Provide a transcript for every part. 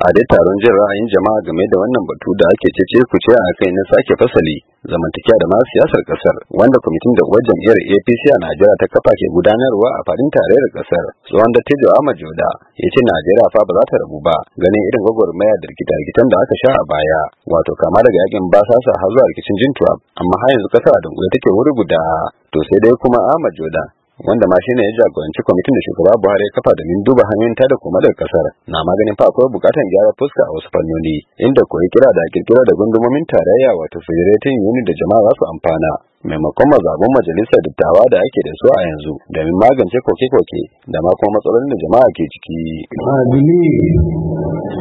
a dai taron jin ra'ayin jama'a game da wannan batu da ake cece ku ce a kai na sake fasali zamantakewa da masu siyasar kasar wanda kwamitin da uwar jam'iyyar APC a Najeriya ta kafa ke gudanarwa a fadin tarayyar kasar tsohon dattijo Ahmad Joda ya ce Najeriya fa ba za ta rabu ba ganin irin gwagwarmaya da rikita-rikitan da aka sha a baya wato kama daga yakin basasa har zuwa rikicin Jintuwa amma har yanzu kasa a dunkule take wuri guda to sai dai kuma Ahmad Joda wanda ma shine ya jagoranci kwamitin da shugaba Buhari ya kafa domin duba hanyoyin tada koma daga kasar na maganin fa akwai bukatar gyara fuska a wasu fannoni inda koyi kira da kirkira da gundumomin tarayya wato federating union da jama'a za su amfana maimakon mazaɓun majalisar dattawa da ake da su a yanzu domin magance koke-koke da ma kuma matsalolin da jama'a ke ciki. I believe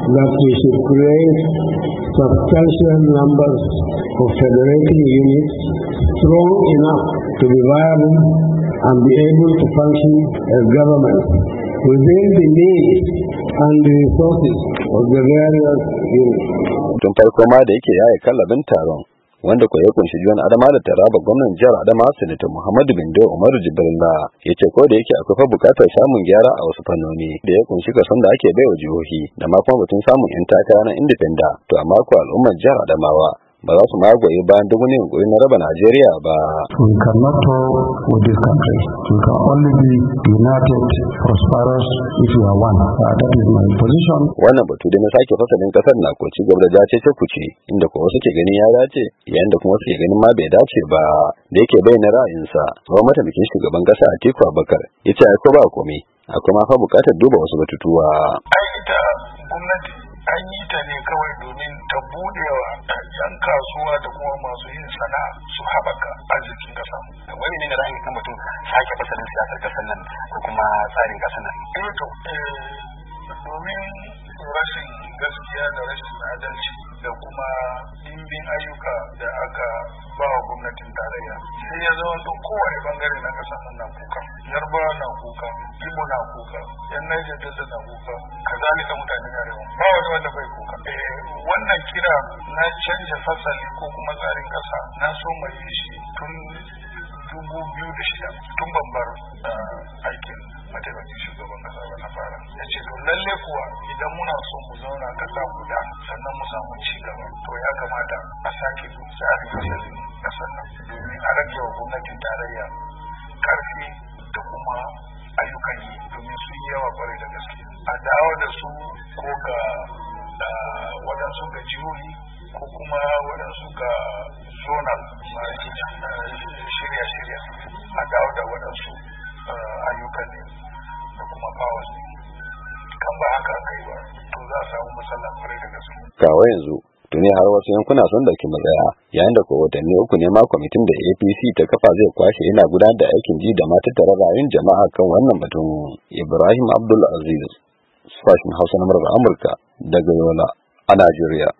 that we should create substantial numbers of federating units strong enough to be viable and be able to function as government within the needs and the resources of the various units. Tun farko ma da yake yaya kallabin taron wanda ko ya kunshi juwan adama da taraba gwamnan jihar adama sanata muhammadu bindo umaru jibrila ya ce ko da yake akwai fa bukatar samun gyara a wasu fannoni da ya kunshi kason da ake baiwa jihohi da ma kuma batun samun yan takara na indifenda to amma ko al'ummar jihar adamawa ba za su ma goyi bayan duk wani yunkuri na raba Najeriya ba. We cannot talk with this country. We can only be united, prosperous if we are one. Uh, that is my position. Wannan batu da na sake fasalin kasar na ko ci gaba da jace ce kuce inda ko wasu ke ganin ya dace yayin da kuma wasu ke ganin ma bai dace ba da yake bayyana ra'ayinsa. Tsohon mataimakin shugaban kasa Atiku Abubakar ya ce ko ba komai akwai ma fa bukatar duba wasu batutuwa. Ai da gwamnati an yi ta ne kawai domin ta bude su haɓaka arzikin ƙasa wani ne na ra'ayi kan mutum sake fasalin siyasar ƙasar nan ko kuma tsarin ƙasar nan. eh to eh, domin rashin gaskiya da rashin adalci da kuma dimbin ayyuka da aka ba wa gwamnatin tarayya sai ya zama to kowane bangare na ƙasa na kuka yarba na kuka ibo na kuka yan naija delta na kuka kazalika na rewa ba wani wanda bai kuka eh, wannan kira na canja fasali ko kuma tsarin ƙasa sun bace shi tun dubu biyu da shida tun bambar da eh, aikin mataimakin shugaban kasa ba na fara ya ce to lalle kuwa idan muna so mu zauna kasa guda sannan mu samu ci gaba to ya kamata a sake tsarin kasar nan domin a rage wa gwamnatin tarayya karfi waɗansu ga jihohi ko kuma waɗansu ga zonal shirya-shirya a dawo da waɗansu eh, ayyukan ne da kuma powers ne kan ba haka aka yi ba to za a samu matsala kwarai daga su kawo yanzu tuni har wasu yankuna sun dauki matsaya yayin da kowatanni uku ne ma kwamitin da apc ta kafa zai kwashe yana gudanar da aikin ji da mata tare rayun jama'a kan wannan batun ibrahim abdul aziz sashen hausa na murar amurka daga yola a Najeriya.